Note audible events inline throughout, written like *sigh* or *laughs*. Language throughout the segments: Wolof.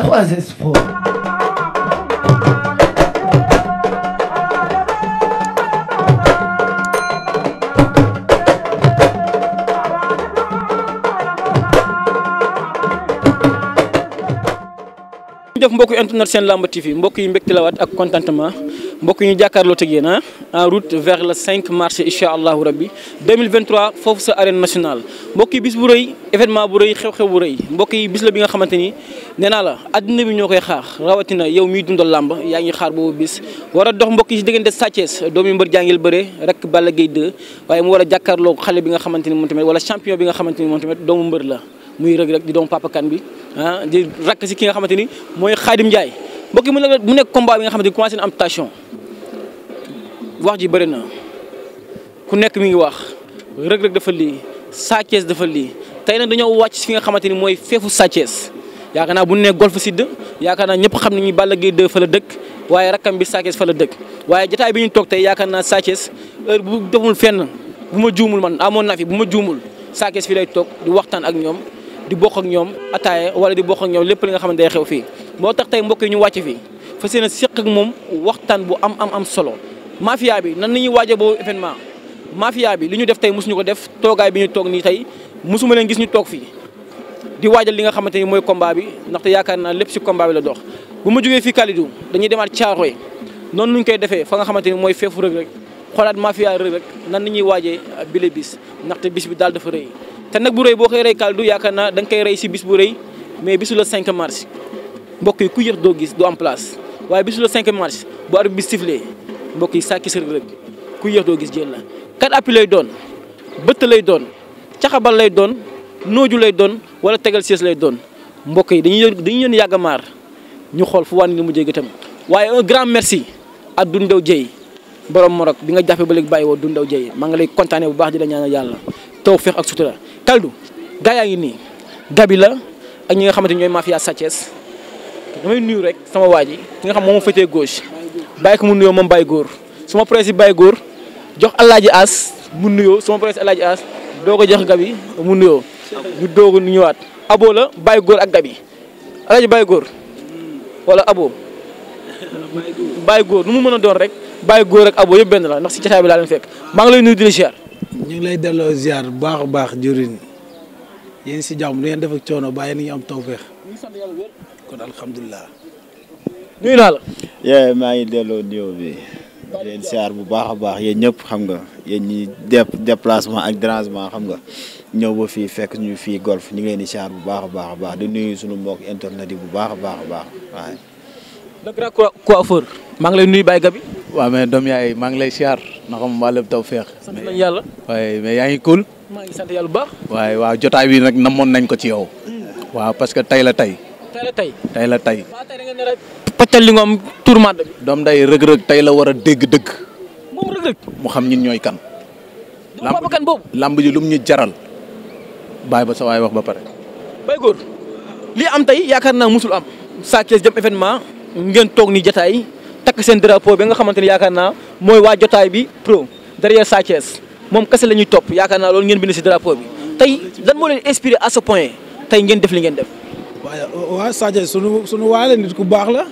3S Pro. jërëjëf mbokk internet seen làmb TV mbokk yi mbégte la waat ak contentement mbokk ñu jàkkaarloo teg yéen ah en route vers le 5 mars incha allahu rabbi 2023 foofu sa arène nationale mbokk yi bis bu rëy événement bu rëy xew-xew bu rëy mbokk yi bis la bi nga xamante ni nee la addina bi ñoo koy xaar rawatina yow miy dunda làmb yaa ngi xaar boobu bis wara dox mbokk yi si diggante Sa Thiès doomu mbër jàngil bëre rek Balla Gaye 2 waaye mu war a jàkkaarloo xale bi nga xamante ni moom tamit wala champion bi nga xamante ni moom tamit doomu mbër la muy bi ah di rakk si ki nga xamante ni mooy Khadim Ndiaye mbokk yi mu nekk nekk combat bi nga xamante ni commencé am tension wax ji bëri na ku nekk mu ngi wax Reug Reug dafa lii Sa Thiès dafa lii tey nag dañoo wàcc fi nga xamante ni mooy feefu Sa Thiès yaakaar naa bu ñu nee Golf Sud yaakaar naa ñëpp xam nañu Balla Gaye 2 fa la dëkk waaye rakkam bi Sa Thiès fa la dëkk waaye jotaay bi ñu toog tey yaakaar naa Sa Thiès heure bu deful fenn bu ma juumul man amoon na fi bu ma juumul Sa Thiès fi lay toog di waxtaan ak ñoom. di bokk ak ñoom ataaye wala di bokk ak ñoom lépp li nga xam ne day xew fii moo tax tey mbokk yi ñu wàcc fii fas yéene seq ak moom waxtaan bu am am am solo mafia bi nan la ñuy waajee boobu événement mafia bi li ñu def tey mosuñu ko def toogaay bi ñu toog nii tey mosuma leen gis ñu toog fii di waajal li nga xamante ni mooy combat bi ndaxte yaakaar naa lépp si combat bi la dox bu ma jógee fii Kalidou dañuy demaat Thiaroye noonu ñu koy defee fa nga xamante ni mooy feefu Reug Reug xoolaat mafia Reug Reug nan la ñuy waajee bile bis ndaxte bis bi daal dafa rëy te nag bu rëy boo koy rey Kaldu yaakaar naa da koy rey si bis bu rëy mais bisu le 5 mars mbokk yi ku yër doo gis doo am place waaye bisu le 5 mars bu arbitre bi sifflé mbokk yi sàkki Reug Reug ku yër doo gis jël la. kat appi lay doon bëtt lay doon caxabal lay doon nooju lay doon wala tegal siis lay doon mbokk yi dañuy dañuy yën yàgg maar ñu xool fu wàññi mu jéggi itam waaye un grand merci à Dundaw Dieye borom Morok bi nga jàppee ba léegi bàyyi woo Dundaw Dieye maa ngi lay kontaanee bu baax di la ñaanal yàlla taw feex ak sutura Kaldu gaa yaa ngi nii Gabi la ak ñi nga xamante ñooy mafia Sathiès damay nuyu rek sama waa ji ki nga xam moom moo féetee gauche bàyyi ko mu nuyoo moom bàyyi góor su ma presse bàyyi góor jox Alaaji As mu nuyoo su ma presse Alaaji As doo ko jox Gabi mu nuyoo ñu doog a ñëwaat. Abo la bàyyi góor ak Gabi Alaaji bàyyi góor wala Abo bàyyi góor nu mu mën a doon rek bàyyi góor ak Abo yëpp benn la ndax si jotaay laa leen fekk maa ngi lay nuyu ñu ngi lay delloo ziar bu baax a baax jëriñ yéen si jàmm lu ngeen def ak coono bàyyi nañu am tawféex kon alhamdulilah. nuyu naa la. yee maa ngi delloo nuyoo bi leen siyaar bu baax a baax yéen ñëpp xam nga yéen ñi dep déplacement ak dérangement xam nga ñëw ba fii fekk ñu fii golf ñu ngi leen di siyaar bu baax a baax a baax di nuyu suñu mbokk internet yi bu baax a baax baax waaye. maa ngi lay nuyu Baye Gabi. waa mais doom yaay maa ngi lay siyaar na xam wàllub taw feex sant nañ yàlla waaye mais yaa ngi cool baax waaye waaw jotaay bi nag namoon nañ ko ci yow mm. waa parce que tey la tey tey la tey tey la tey da ngeen paccal li nga tour bi doom day rëg-rëg tey la war a dégg dëgg mu xam ñun ñooy kan lamb kan boobu lamb ñu jaral bàyyi ba sa waay wax ba pare bay góor lii am tey yaakaar naa mosul am saa kees jëm événement ngeen toog ni jataay takk seen drapeau bi nga xamante ni yaakaar naa mooy waa jotaay bi pro derrière Sa moom kese la ñuy topp yaakaar naa loolu ngeen bind si drapeau bi tey lan moo leen inspiré à ce point tey ngeen def li ngeen def. waaye waaw Sa Thiès sunu sunu waale nit ku baax la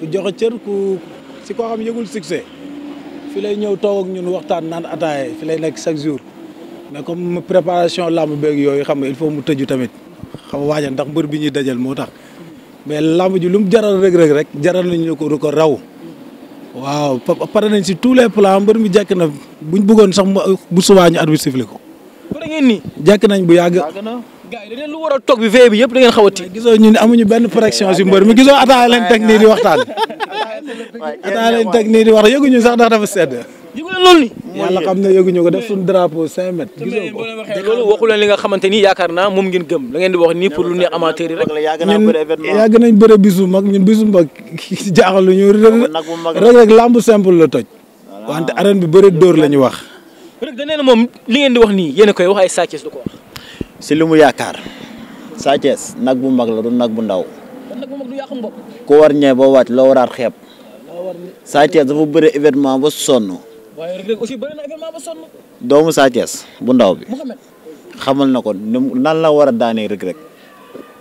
ku joxe cër ku si koo xam yëgul succès fi lay ñëw toog ak ñun waxtaan naan ataaya fi lay nekk chaque jour mais comme préparation làmb beeg yooyu xam nga il faut mu tëju tamit xaw waajal ndax mbër bi ñuy dajal moo tax mais làmb ji lu mu jaral rëg rek jaral nañu ko raw. waaw pare nañ si tous les plans mbër mi jekk na buñ bëggoon sax bu subaa ñu arbitre sifflé ko. pare ngeen ni. jekk bu yàgg. gars yi da war a toog bi veille bi yëpp da ngeen xaw a tiit. gisoo ñu amuñu benn protection si mbër mi gisoo ataaya leen teg nii di waxtaan. ataaya leen teg wax yëguñu sax ndax dafa sedd. yëgu leen loolu ni yàlla xam ne yëguñu ko def suñu drapeau cinq mètres gisoo ko waxu leen li nga xamante ni yaakaar naa moom ngeen gëm la ngeen di wax nii pour lu ne amateur yi rek ñun yàgg nañ bëre bisu mag ñun bisu mag jaaxalu ñu rek rek lamb simple la toj wante arène bi bëre dóor la ñu wax rek da na moom li ngeen di wax nii yéen a koy wax ay Sathiès du ko wax si lu mu yaakaar Sathiès nag bu mag la du nag bu ndaw nag bu mag war ñee boo wàcc loo waraat xeeb Sathiès dafa bëre événement ba sonn waaye Reug ba sonn. doomu Sa bu ndaw bi. xamal na ko nan la war a daanee Reug Reug.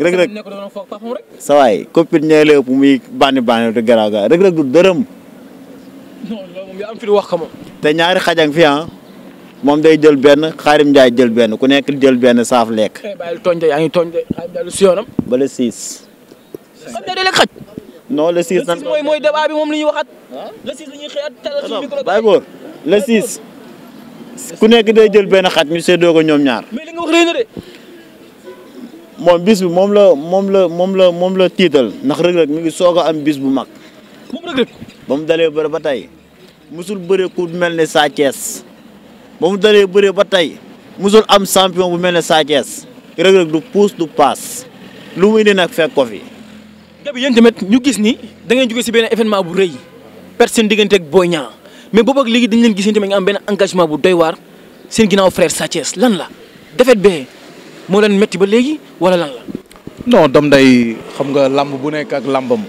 Reug Reug sa waay copine ñooy la ëpp muy bànni bànni te garaaw du dërëm. am wax xam te ñaari xajang fi ah moom day jël benn Xaarim Ndiaye jël benn ku nekk jël benn saaf lekk. Eh, bàyyi tooñ si yoonam. ba le 6. xaj. non la ñuy waxaat. le 6 le 6 ku nekk day jël benn xat mi séddoo ko ñoom ñaar. mais li nga wax rëy na de. moom bis bi moom la moom la moom la moom la tiital ndax Reug mi ngi soog a am bis bu mag. moom Reug Reug. ba mu dalee ba tey musul bëree ku mel ne Sa Thiès ba mu dalee ba tey musul am champion bu mel ne Sa Thiès Reug Reug du puus du paas lu mu indi nag fekk ko fi. gabi yéen tamit ñu gis ni da ngeen jóge ci benn événement bu rëy perte diggante ak Boy mais boobu ak léegi dañ leen gisante mais nga am benn engagement bu doy waar seen ginnaaw frère Sathiès lan la defet bee moo leen métti ba léegi wala lan la. non Dame day xam nga làmb bu nekk ak lambam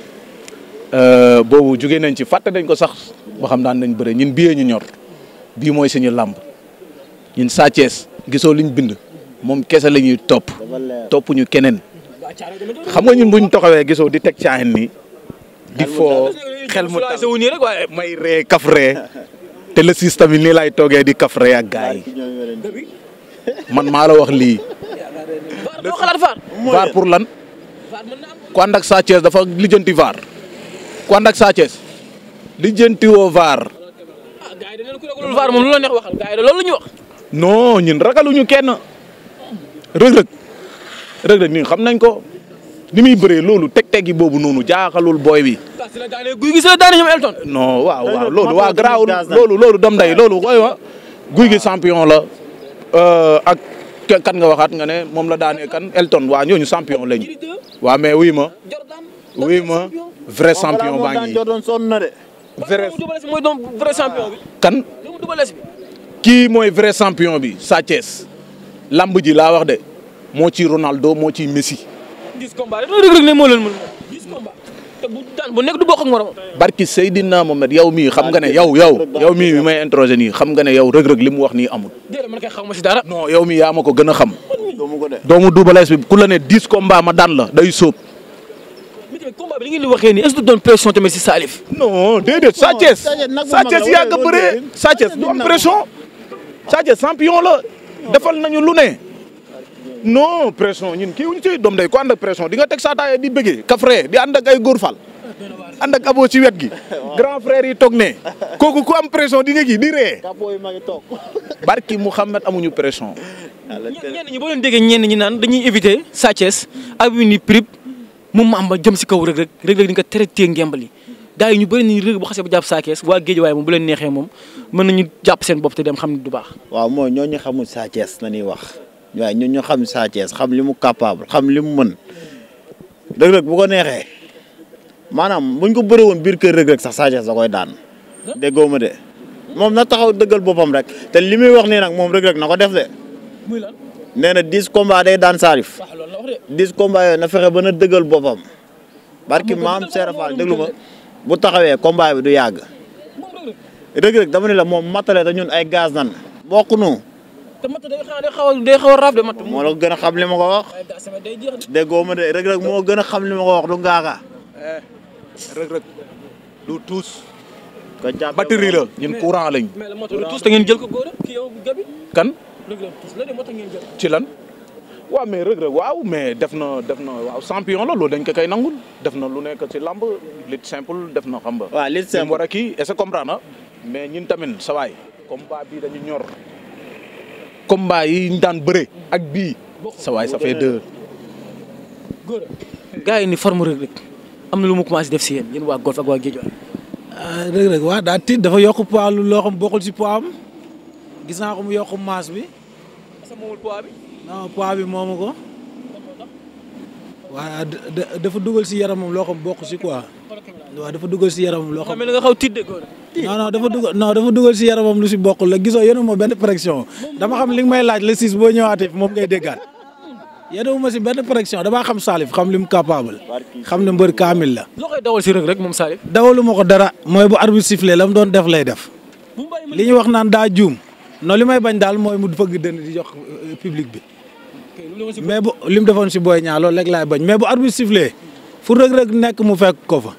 euh, boobu jógee nañ ci fàtte dañ ko sax ba xam daan nañ bëre ñun bii ñu ñor bii mooy suñu làmb ñun Sathiès gisoo liñ bind moom kese la ñuy topp topp ñu keneen xam nga ñun buñ toxawee gisoo di teg caaxaan nii di foo xel mu wu nii waaye may ree kaf *laughs* te le six tamit nii laay toogee di kaf a ak man maa la wax lii. doo xalaat vaar. vaar pour lan. ku ànd dafa lijjanti vaar. ku ànd ak wo Thiès lijjanti woo vaar. Ah, moom lu la neex waxal gars yi loolu ñu wax. non ñun ragaluñu kenn. Reug Reug Reug xam nañ ko. ni muy bëree loolu teg-teg boobu noonu jaaxalul booy bi. si la daanee guy gi si la daanee ñoom Elton. non waaw loolu waa garaaw loolu loolu dam day loolu xooy ma guy gi champion la euh, ak kan nga waxaat nga ne moom la daanee kan Elton waa ñooñu champion lañu. waa mais wuy ma wuy ma vrai champion baa ngi vrai mooy doon vrai kan kii mooy vrai champion bi Sa Thiès lamb ji laa wax de moo ci Ronaldo moo ci Messi. 10 ne moo leen mën 10 te bu daan bu nekk du bokk ak morom. barki Seydina Mohamed yow mii xam nga ne yow yow yow mii mi may introsé nii xam nga ne yow rëg-rëg li mu wax nii amul. déedéet man ma si dara. non yow mii yaa ma ko gën a xam. doomu Double Less bi ku la ne 10 combat ma daan la day sóob. combat bi li ngeen di waxee nii est-ce pression tamit si Salif. non déedéet Sa Thiès Sa Thiès yàgg Sa Thiès du am pression Sa champion la defal nañu lu ne. non pression ñun kii wuñ ci doom day ko ànd ak pression di nga teg saataaya di bëggee kafre di ànd ak ay góor fal ànd ak abo ci wet gi grand frère yi toog ne kooku ku am pression di nga gi di ree barki Mouhamed amuñu pression ñenn ñi boo leen déggee ñenn ñi naan dañuy éviter Sathiès ak wi ni prib moom ma am ba jëm si kaw rek rek rek rek di nga traité ngembali gaa yi ñu bëri nañu rek bu xasee ba jàpp Sathiès waa géej waaye moom bu leen neexee moom mën nañu jàpp seen bopp te dem xam ne du baax waaw mooy ñooñu xamul Sathiès la ñuy wax waaye ñu ñu xam Sa Thiès xam li mu capable xam li mu mën Reug Reug bu ko neexee maanaam buñ ko bëre woon biir kër Reug sax Sa Thiès koy daan déggoo ma de moom na taxaw dëggal boppam rek te li muy wax nii nag moom Reug Reug na ko def de nee na dix combat day daan Salif dix combat yooyu na fexe ba na dëggal boppam barki maam Serafal déglu ma bu taxawee combat bi du yàgg Reug Reug dama ne la moom matale te ñun ay gaz nan bokkunu te matt day xaw xaw a raaf de moo la gën a xam li ma ko wax. déggoo ma de rek rek moo gën a xam li ma ko wax du ngaaga. rek eh, rek du tuus. nga jàpp batterie lañ. mais tuus te ngeen jël ko góor ki yow gabi kan. ci lan. waaw mais Reug Reug waaw mais def na def na waaw champion la loolu dañ ko koy nangul def na lu nekk ci lamb lit simple def na xam nga. waaw lit simple war a kii est-ce que comprendre mais ñun tamit sa waay combat bi dañu ñor. combat yi ñu daan bëre ak bii sa waay ça fait deux. yi ni forme Reug Reug am na lu mu commencé def si yéen yéen waa golf ak waa géej ah, waa daa tiit dafa yokk poids loo xam bokkul si poids am gis naa ko mu yokk maas bi. sa moomul poids bi. non poids bi moomu ko. waaw dafa dugal si yaramam loo xam bokk si quoi. waaw dafa dugal si yaramam loo xam. nga xaw de non non dafa dugal non dafa dugal si yaramam lu si bokkul la gisoo yenu ma benn pression dama xam li nga may laaj le six boo ñëwaatee moom ngay déggaat yenu ma si benn pression dama xam Salif xam li mu capable xam ne mbër kaamil la. loo koy dawal si rek rek moom Salif. dawalu ma ko dara mooy bu arbitre sifflé la mu doon def lay def li ñu wax naan daa juum noo li may bañ daal mooy mu fëgg dënn di jox euh, public bi. mais bu li mu defoon si booy ñaa loolu rek laay bañ mais bu arbitre sifflé fu rëg rëg nekk mu fekk ko fa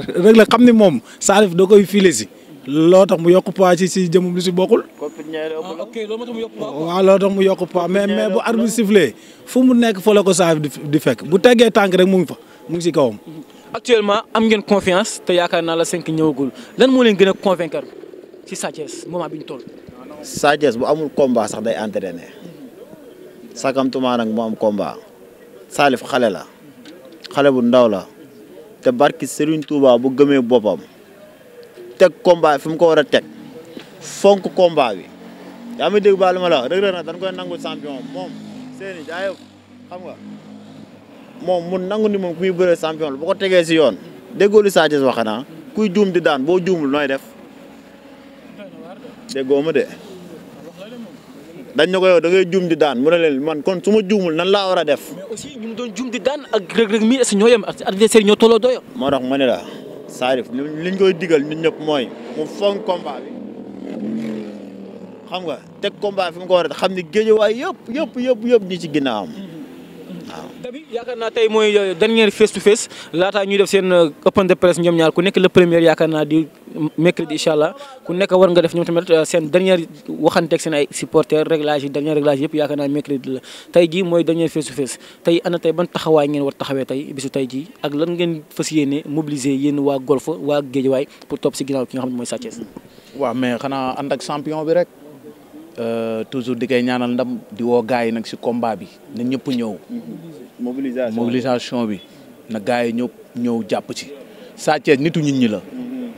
Reug Reug xam ni moom saalif da koy si loo tax mu yokk poids ci si jëmum lu si bokkul. Ah, waaw loo tax mu yokk poids mais mais bu arbitre sifflé fu mu nekk fa la ko Salif di fekk bu teggee tànk rek mu ngi fa mu ngi si kawam. actuellement am ngeen confiance te yaakaar naa la cinq ñëwagul lan moo leen gën a convaincre ci Sa Thiès moment bi ñu toll. Sa bu amul combat sax day entraîné sakamtuma nag mu am combat Salif xale la xale bu ndaw la. te barki Serigne Touba bu gëmee boppam teg combat fi mu ko war a teg fonk combat bi. yaa ngi dégg baal ma la Reug Reug nag dañ koy nangu champion moom seeni jaay xam nga moom mun nangu ni moom kuy bëree champion la bu ko tegee si yoon. déggoo li Sa Thiès wax kuy juum di daan boo juumul nooy def déggoo ma de. dañ ne ko yow da ngay juum di daan mu ne leen man kon su ma juumul nan laa war a def. mais aussi ñu doon juum di daan ak Reug Reug mi est ñoo yem ak adversaire ñoo tolloo doyo. moo tax ma ne la Sarif liñ koy digal nit ñëpp mooy mu fonk xam nga teg combat fi mu ko war a xam ni géejewaay yëpp yëpp yëpp yëpp ñi ci am waaw tamit yaakaar naa tey mooy euh, dernier face to face laataa ñuy def seen euh, open de presse ñoom ñaar ku nekk le premier yaakaar naa di mercredi incha allah ku nekk war nga def ñoom tamit euh, seen dernière waxanteeg seen ay supporters réglage yi dernier réglage yëpp yaakaar naa mercredi la tey jii mooy dernier face to face tey ana tey ban taxawaay ngeen war taxawee tey bisu tey jii ak lan ngeen fas yéene mobiliser yéen waa golf waa géejawaay pour topp si ginnaaw ki nga xam ne mooy Sa Thiès waa mais xanaa ànd ak champion bi rek euh, toujours di koy ñaanal ndam di woo gars yi nag si combat bi na ñëpp ñëw mobilisation bi na gars yi ñëpp ñëw jàpp ci Sa Thiès nitu nit la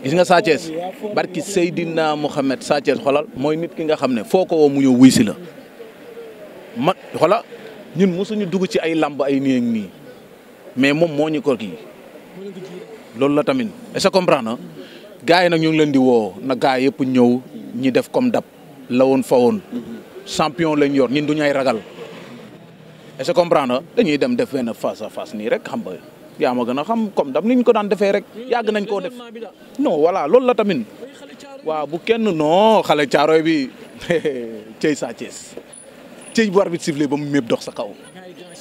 gis nga Sa Thiès barki Seydina Mohamed Sa Thiès xolal mooy nit ki nga xam ne foo ko woo mu ñëw wuy si la ma xola ñun mosuñu dugg ci ay làmb ay nii ak nii mais moom moo ñu ko kii loolu la tamit est-ce gars yi nag ñu ngi leen di woo na gars yëpp ñëw ñi def comme dab la woon fa woon champion lañ yor ñun du ay ragal est-ce dañuy dem def benn face à fas nii rek xam nga yaa ma gën xam comme dam ñu ko daan defee rek yàgg nañ koo def non voilà loolu la tamit waaw bu kenn noo xale caaroy bi *laughs* cey saa Thiès cey bu arbitre sifflé ba mu méb dox sa kaw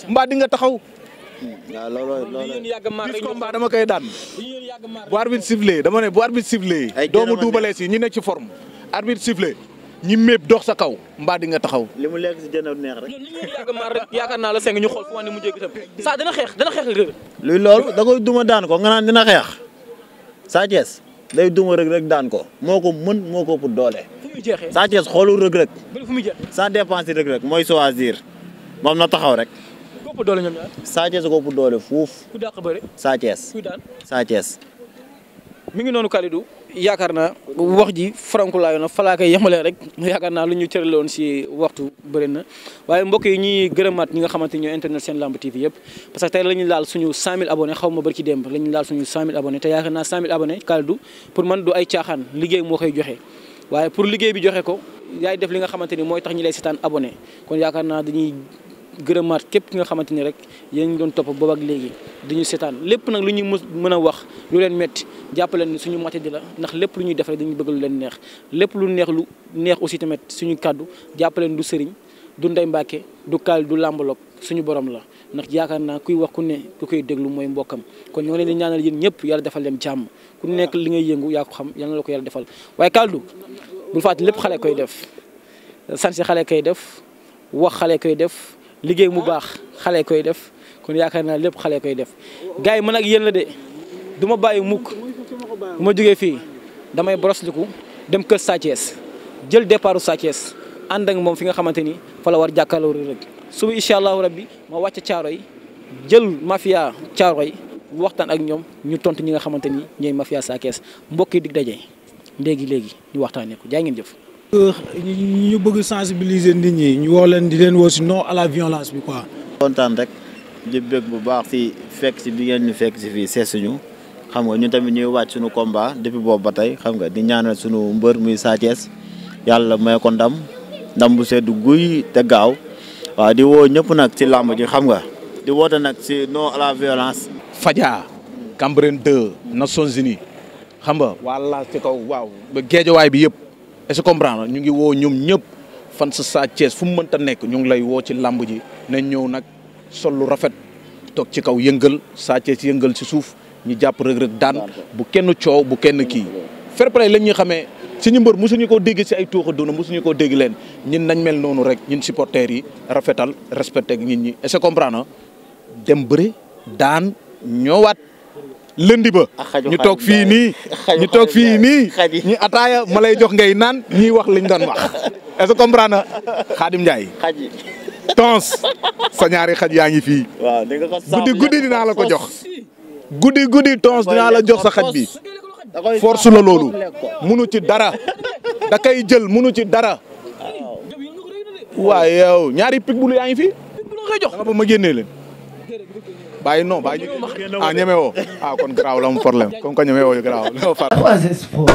mbaa di nga taxaw waaw looloo looloo gis combat dama koy daan bu arbitre sifflé dama ne bu arbitre sifflé doomu duubalees yi ñu ne ci forme arbitre sifflé ñi mépp dox sa kaw mbaa di nga taxaw. li mu lekk si neex rek. yaakaar naa la seng ñu xool fu ma ne mujjee gisam saa dina xeex dina xeex rek. luy da koy duma daan ko nganaan naan dina xeex Sa day duma rek rek daan ko moo ko mën moo ko ëpp doole. fu muy jeexee Sa Thiès xoolul rek rek. fu muy jeexee sans dépense rek rek mooy choisir mam na taxaw rek. ko ëpp doole ñoom Sa Thiès ko doole fuuf. ku dàq bëre. Sa Thiès. kuy daan mi ngi noonu Kalidou yaakaar naa wax ji farankulaayu na falaa koy yemalee rek yaakaar naa lu ñu cërale woon si waxtu bëri na waaye mbokk yi ñuy gërëmaat ñi nga xamante ñoo internet seen lamb TV yëpp parce que tey la ñuy laal suñu 100000 abonnés xaw ma barki démb la ñuy laal suñu 100000 abonnés te yaakaar naa 100000 abonnés Kalidou pour man du ay caaxaan liggéey moo koy joxe waaye pour liggéey bi joxe ko yaay def li nga xamante ni mooy tax ñi lay seetaan abonné kon yaakaar naa dañuy gërëmaat képp ki nga xamante ni rek yéen ngi doon topp boobu ak léegi di ñu seetaan lépp nag lu ñuy mën a wax lu leen métti jàppaleen ni suñu mati di la ndax lépp lu ñuy def rek dañuy bëgg lu leen neex lépp lu neex lu neex aussi tamit suñu kàddu jàppaleen du sëriñ du ndey mbàkke du kaal du làmbaloog suñu borom la ndax yaakaar naa kuy wax ku ne ku koy déglu mooy mbokkam kon ñoo leen di ñaanal yéen ñëpp yàlla defal leen jàmm ku nekk li ngay yëngu yaa ko xam yal na la ko yàlla defal waaye kaldu bul fàtte lépp xale koy def sansi xale def wax koy def liggéey mu baax xale koy def kon yaakaar naa lépp xale koy def gars yi man ak yéen la de du ma bàyyi mukk bu ma jógee fii damay borosliku dem kër Sa jël départu Sa Thiès ànd ak moom fi nga xamante ni fa la war jàkkaarloo rek suba incha allahu rabbi ma wàcc caaro yi jël mafia caaro yi waxtaan ak ñoom ñu tontu ñi nga xamante ni ñooy mafia Sa Thiès mbokk yi dig daje léegi léegi ñu waxtaanee ko jaay ngeen jëf. ñu bëgg sensibiliser nit ñi ñu wax leen di leen woo si non à la violence bi quoi. kontaan rek di bëgg bu baax si fekk si bi ngeen ñu fekk si fii seesuñu xam nga ñu tamit ñuy wàcc suñu combat depuis boobu ba tey xam nga di ñaanal suñu mbër muy Sa yàlla may ko ndam ndam bu sedd guy te gaaw waaw di woo ñëpp nag ci làmb ji xam nga di woote nag ci non à la violence. Fadia. Cambérène 2. Nations Unies. xam nga. waa la ci kaw waaw. ba géejawaay bi yëpp. est-ce comprendre ñu ngi woo ñoom ñëpp fan sa Sa Thiès fu mu mënta nekk ñu ngi lay woo ci làmb ji na ñëw nag sol lu rafet toog ci kaw yëngal Sa Thiès yëngal si suuf ñu jàpp rëg-rëg daan bu kenn coow bu kenn kii fair play lañ ñu xamee suñu mbër mosuñu koo dégg si ay tuuxa duna mosuñu koo dégg leen ñun nañ mel noonu rek ñun supporters yi rafetal respecté ak nit ñi est-ce que comprendre dem bëre daan ñëwaat lëndi ba ñu toog fii nii ñu toog fii nii ñu ataaya ma lay jox ngay naan ñuy wax liñ doon wax *laughs* est-ce que comprendre na Xaadim Njaay tons sa ñaari xaj yaa ngi fii guddi guddi dinaa la ko jox guddi guddi tons dinaa la jox sa xaj bi force la loolu munu ci dara da kay jël munu ci dara waaw yow ñaari pitbull yaa ngi fii da nga ba ma génnee leen bàyyi non bàyyi ah ñeme woo ah kon garaaw la mu problème comme que ñeme woo